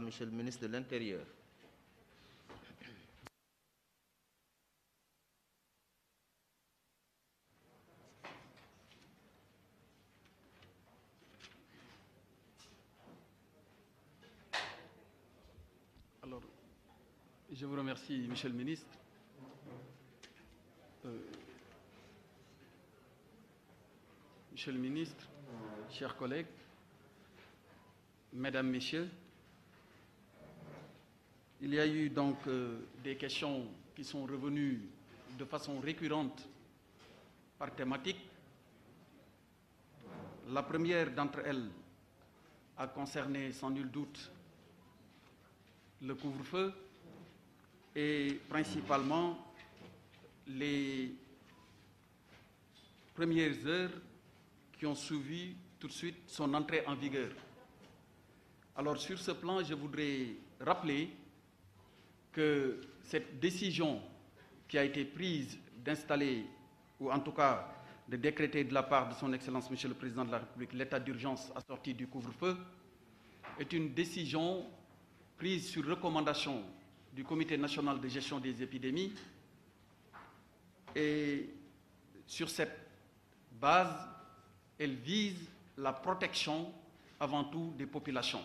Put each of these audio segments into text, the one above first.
à monsieur le ministre de l'Intérieur. Alors, je vous remercie, monsieur le ministre. Euh, monsieur le ministre, chers collègues, mesdames, messieurs, Il y a eu donc euh, des questions qui sont revenues de façon récurrente par thématique. La première d'entre elles a concerné sans nul doute le couvre-feu et principalement les premières heures qui ont suivi tout de suite son entrée en vigueur. Alors sur ce plan, je voudrais rappeler que cette décision qui a été prise d'installer, ou en tout cas de décréter de la part de son Excellence Monsieur le Président de la République l'état d'urgence assorti du couvre-feu, est une décision prise sur recommandation du Comité national de gestion des épidémies. Et sur cette base, elle vise la protection avant tout des populations.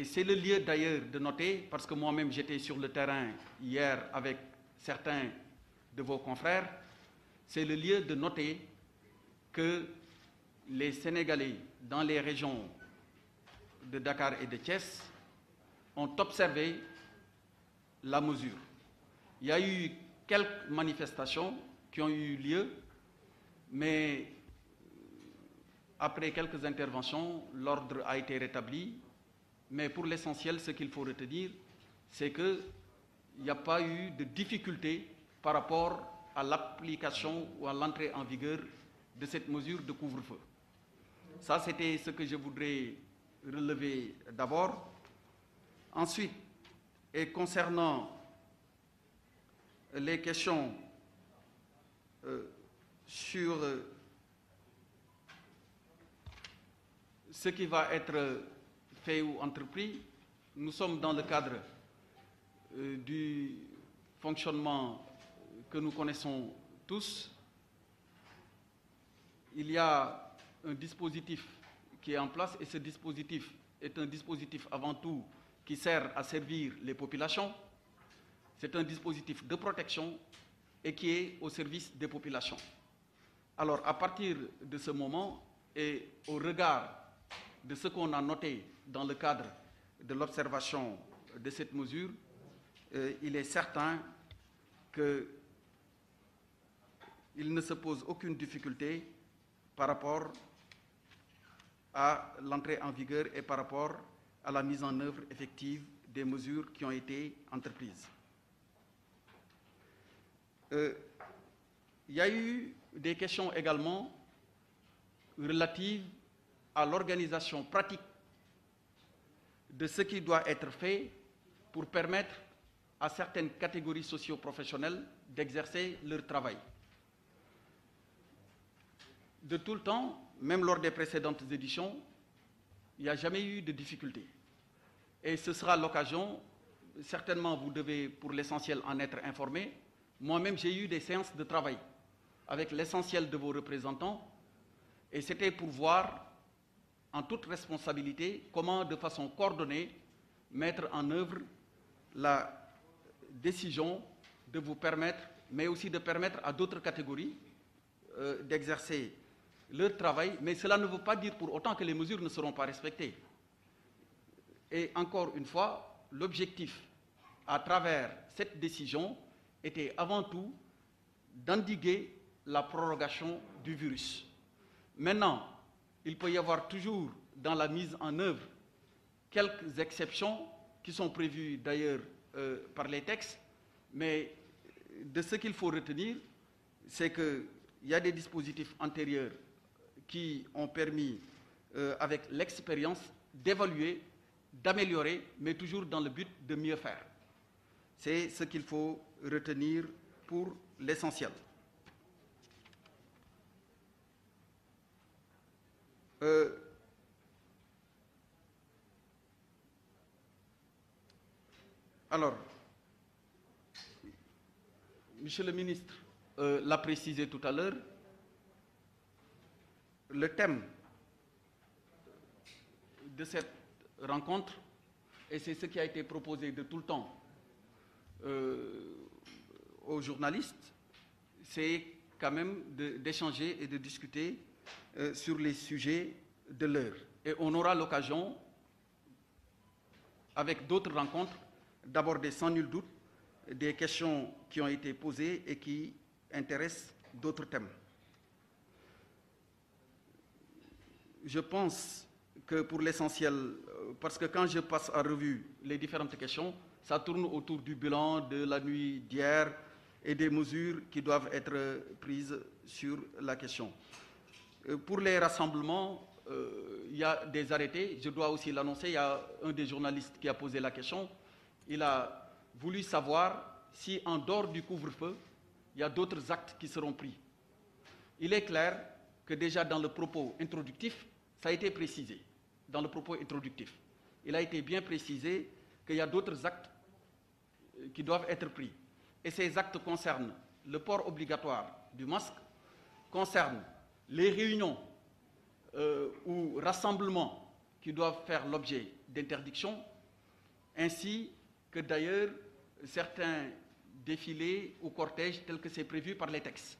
Et c'est le lieu d'ailleurs de noter, parce que moi-même j'étais sur le terrain hier avec certains de vos confrères, c'est le lieu de noter que les Sénégalais dans les régions de Dakar et de Thiès ont observé la mesure. Il y a eu quelques manifestations qui ont eu lieu, mais euh, après quelques interventions, l'ordre a été rétabli mais pour l'essentiel, ce qu'il faut retenir, c'est qu'il n'y a pas eu de difficulté par rapport à l'application ou à l'entrée en vigueur de cette mesure de couvre-feu. Ça, c'était ce que je voudrais relever d'abord. Ensuite, et concernant euh, les questions euh, sur euh, ce qui va être euh, faits ou entrepris, nous sommes dans le cadre euh, du fonctionnement que nous connaissons tous. Il y a un dispositif qui est en place et ce dispositif est un dispositif avant tout qui sert à servir les populations. C'est un dispositif de protection et qui est au service des populations. Alors à partir de ce moment et au regard de ce qu'on a noté dans le cadre de l'observation de cette mesure, euh, il est certain qu'il ne se pose aucune difficulté par rapport à l'entrée en vigueur et par rapport à la mise en œuvre effective des mesures qui ont été entreprises. Euh, il y a eu des questions également relatives à l'organisation pratique de ce qui doit être fait pour permettre à certaines catégories socio-professionnelles d'exercer leur travail. De tout le temps, même lors des précédentes éditions, il n'y a jamais eu de difficultés. Et ce sera l'occasion, certainement vous devez pour l'essentiel en être informé. Moi-même, j'ai eu des séances de travail avec l'essentiel de vos représentants et c'était pour voir en toute responsabilité comment, de façon coordonnée, mettre en œuvre la décision de vous permettre, mais aussi de permettre à d'autres catégories euh, d'exercer leur travail, mais cela ne veut pas dire pour autant que les mesures ne seront pas respectées. Et encore une fois, l'objectif à travers cette décision était avant tout d'endiguer la prorogation du virus. Maintenant, il peut y avoir toujours dans la mise en œuvre quelques exceptions qui sont prévues d'ailleurs euh, par les textes, mais de ce qu'il faut retenir, c'est qu'il y a des dispositifs antérieurs qui ont permis, euh, avec l'expérience, d'évaluer, d'améliorer, mais toujours dans le but de mieux faire. C'est ce qu'il faut retenir pour l'essentiel. Euh, alors monsieur le ministre euh, l'a précisé tout à l'heure le thème de cette rencontre et c'est ce qui a été proposé de tout le temps euh, aux journalistes c'est quand même d'échanger et de discuter euh, sur les sujets de l'heure. Et on aura l'occasion, avec d'autres rencontres, d'aborder sans nul doute des questions qui ont été posées et qui intéressent d'autres thèmes. Je pense que pour l'essentiel, euh, parce que quand je passe à revue les différentes questions, ça tourne autour du bilan de la nuit d'hier et des mesures qui doivent être prises sur la question. Euh, pour les rassemblements, euh, il y a des arrêtés. Je dois aussi l'annoncer, il y a un des journalistes qui a posé la question. Il a voulu savoir si, en dehors du couvre-feu, il y a d'autres actes qui seront pris. Il est clair que déjà dans le propos introductif, ça a été précisé. Dans le propos introductif, il a été bien précisé qu'il y a d'autres actes euh, qui doivent être pris. Et ces actes concernent le port obligatoire du masque, concernent les réunions euh, ou rassemblements qui doivent faire l'objet d'interdiction, ainsi que d'ailleurs certains défilés ou cortèges tels que c'est prévu par les textes.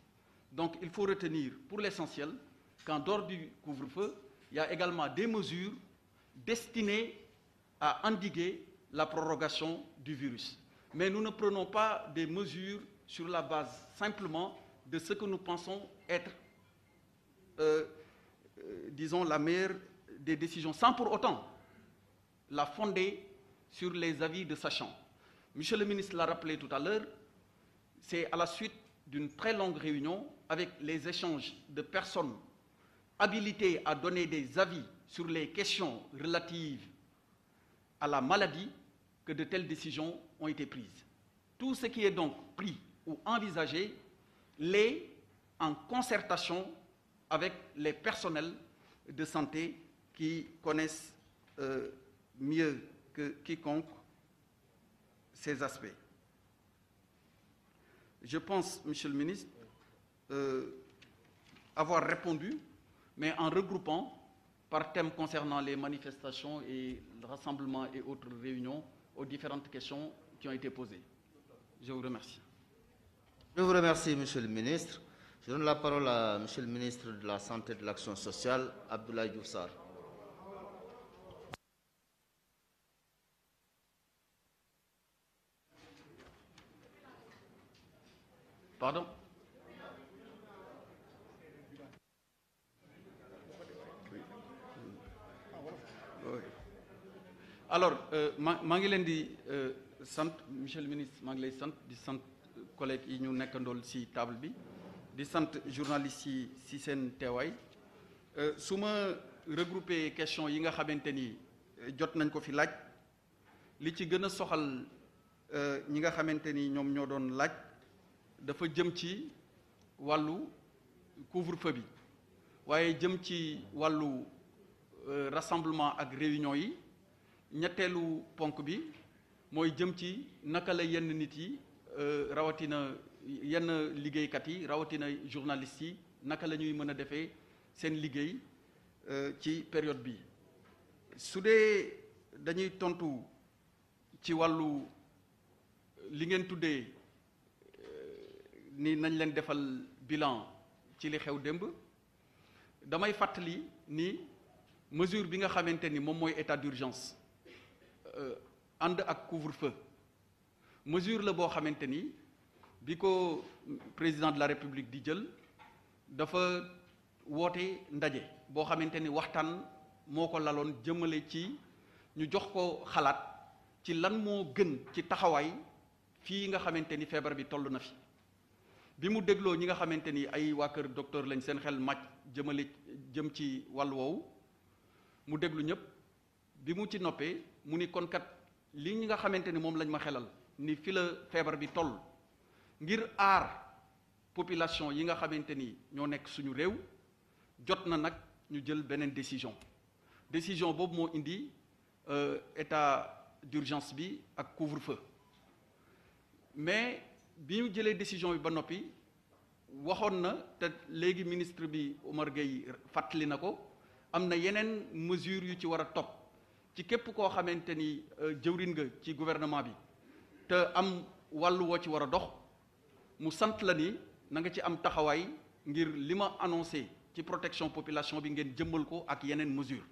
Donc il faut retenir pour l'essentiel qu'en dehors du couvre-feu, il y a également des mesures destinées à endiguer la prorogation du virus. Mais nous ne prenons pas des mesures sur la base simplement de ce que nous pensons être Euh, euh, disons, la meilleure des décisions, sans pour autant la fonder sur les avis de sachants. Monsieur le ministre l'a rappelé tout à l'heure, c'est à la suite d'une très longue réunion avec les échanges de personnes habilitées à donner des avis sur les questions relatives à la maladie que de telles décisions ont été prises. Tout ce qui est donc pris ou envisagé l'est en concertation avec les personnels de santé qui connaissent euh, mieux que quiconque ces aspects. Je pense, Monsieur le ministre, euh, avoir répondu, mais en regroupant par thème concernant les manifestations et le rassemblement et autres réunions aux différentes questions qui ont été posées. Je vous Je vous remercie, Monsieur le ministre. Je donne la parole à Monsieur le ministre de la Santé et de l'Action sociale, Abdoulaye Diouf Sarr. Pardon? alors euh, ma maa ngi leen di euh, sant monsieur le ministre maa ngi lay sant di sant collègues yi ñu nekkandool ci table bi di sant journaliste yi si seen teewaay euh, su ma regroupé question yi nga xamante ni euh, jot nañ ko fi laaj li ci gën a soxal euh, ñi nga xamante ni ñoom ñoo doon laaj dafa jëm ci wàllu couvre-feu bi waaye jëm ci wàllu rassemblement ak réunion yi ñetteelu ponk bi mooy jëm ci naka la yenn nit yi rawatina yenn liggéeykat yi rawatina journalistes yi naka lañuy ñuy mën a defee seen liggéey euh, ci période bi su dee dañuy tontu ci wàllu li ngeen tuddee euh, ni nañ leen defal bilan ci li xew démb damay fàttali ni mesure bi nga xamante ni moom mooy état d'urgence euh, ànd ak couvre-feu mesure la boo xamante ni bi ko président de la république di jël dafa woote ndaje boo xamante ni waxtaan moo ko laloon jëmale ci ñu jox ko xalaat ci lan moo gën ci taxawaay fii nga xamante ni feebar bi toll na fi bi mu dégloo ñi nga xamante ni ay waa kër docteur lañ seen xel màcc jëmale jëm ci wàll woowu mu déglu ñëpp bi mu ci noppee mu ni konkat li ñi nga xamante ni moom lañ ma xelal ni fi la feebar bi toll ngir aar population yi nga xamante ni ñoo nekk suñu réew jot na nag ñu jël beneen décision décision boobu moo indi euh, état d'urgence bi ak couvre-feu mais bi ñu jëlee décision bi ba noppi waxoon na te léegi ministre bi Omar Gueye fàttali na ko am na yeneen mesure yu ci war a topp ci képp koo xamante ni euh, jëwrin nga ci gouvernement bi te am wàll woo ci war a dox mu sant la ni na nga ci am taxawaay ngir li ma annoncé ci protection population bi ngeen jëmmal ko ak yeneen mesure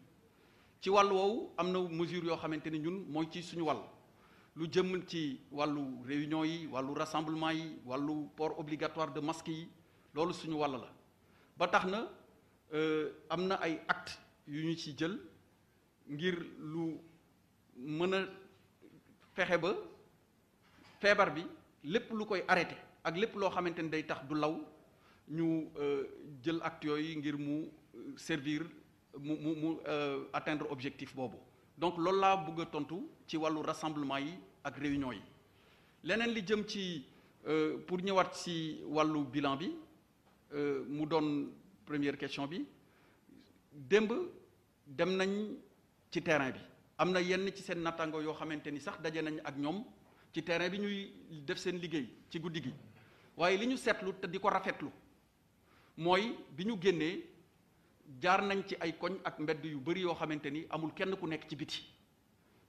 ci wàll woowu am na mesure yoo xamante ni ñun mooy ci suñu wàll lu jëm ci wàllu réunion yi wàllu rassemblement yi wàllu port obligatoire de masque yi loolu suñu wàll la ba tax na euh, am na ay acte yu ñu ci jël ngir lu mën a fexe ba feebar bi lépp lu koy arrêté ak lépp loo xamante ni day tax du law ñu euh, jël acte yi ngir mu euh, servir mu mu mu euh, atteindre objectif boobu donc loolu laa bëgg tontu ci wàllu rassemblement yi ak réunion yi leneen li jëm ci pour ñëwaat si wàllu bilan bi mu doon première question bi démb dem nañ ci terrain bi am na yenn ci seen nattango yoo xamante ni sax daje nañ ak ñoom ci terrain bi ñuy def seen liggéey ci guddi gi waaye li ñu seetlu te di ko rafetlu mooy bi ñu génnee jaar nañ ci ay koñ ak mbedd yu bari yoo xamante ni amul kenn ku nekk ci biti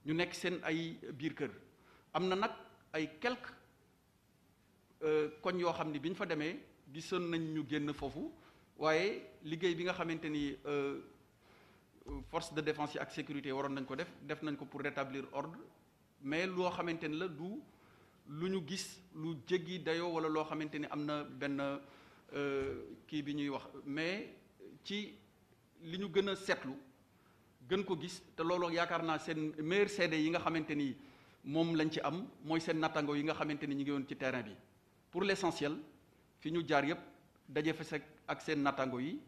ñu nekk seen ay biir kër am na nag ay quelques euh, koñ yoo xam ni bi ñu fa demee gisoon nañ ñu génn foofu waaye liggéey bi nga xamante ni euh, force de défense yi ak sécurité waroon nañ ko def def nañ ko pour rétablir ordre mais loo xamante ni la du lu ñu gis lu jéggi dayoo wala loo xamante ni am na benn euh, kii bi ñuy wax mais ci li ñu gën a seetlu gën ko gis te looloo yaakaar naa seen maire seede yi nga xamante ni moom lañ ci am mooy seen nattango yi nga xamante ni ñu ngi woon ci terrain bi pour l'essentiel fi ñu jaar yépp daje fa ak seen nattango yi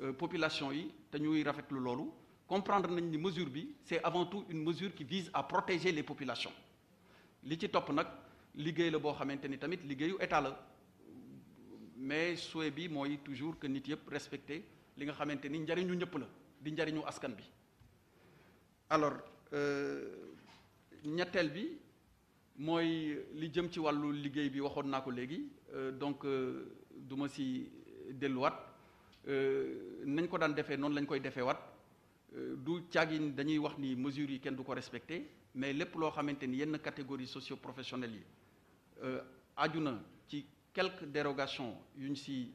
euh, population yi te ñuy rafetlu loolu comprendre nañ ni mesure bi c'est avant tout une mesure qui vise à protéger les populations li ci topp nag liggéey la boo xamante ni tamit liggéeyu état la mais souhait bi mooy toujours que nit yëpp respecté li nga xamante ni njariñu ñëpp la di njariñu askan bi alors euh, ñetteel bi mooy li jëm ci wàllu liggéey bi waxoon naa ko léegi euh, donc euh, duma ma si delluwaat nañ ko daan defee noonu lañ koy defee waat du caagin dañuy wax ni mesures yi kenn du ko respecté mais lépp loo xamante ni yenn catégorie socio professionnel yi Euh, aju na ci quelque dérogations yu ñu si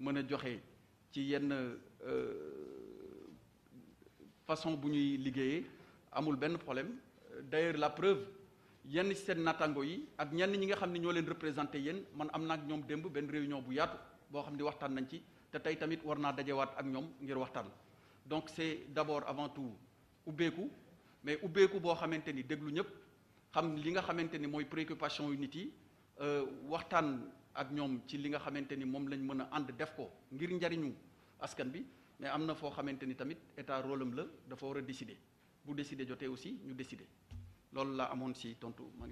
mën a joxe ci yenn euh, façon bu ñuy liggéeyee amul benn problème d'ailleurs la preuve yenn seen nattango yi ak ñenn ñi nga xam ne ñoo leen représenté yéen man am na ñoom démb benn réunion bu yaatu boo xam ne waxtaan nañ ci te tey tamit war naa dajewaat ak ñoom ngir waxtaan donc c'est d'abord avant tout ubbeeku mais ubbeeku boo xamante ni déglu ñëpp xam li nga xamante ni mooy préoccupation yu nit yi euh, waxtaan ak ñoom ci li nga xamante ni moom lañ mën a ànd def ko ngir njariñu askan bi mais am na foo xamante ni tamit état rôle am la dafa war a décider bu décider jotee aussi ñu décider loolu laa amoon si tontu maa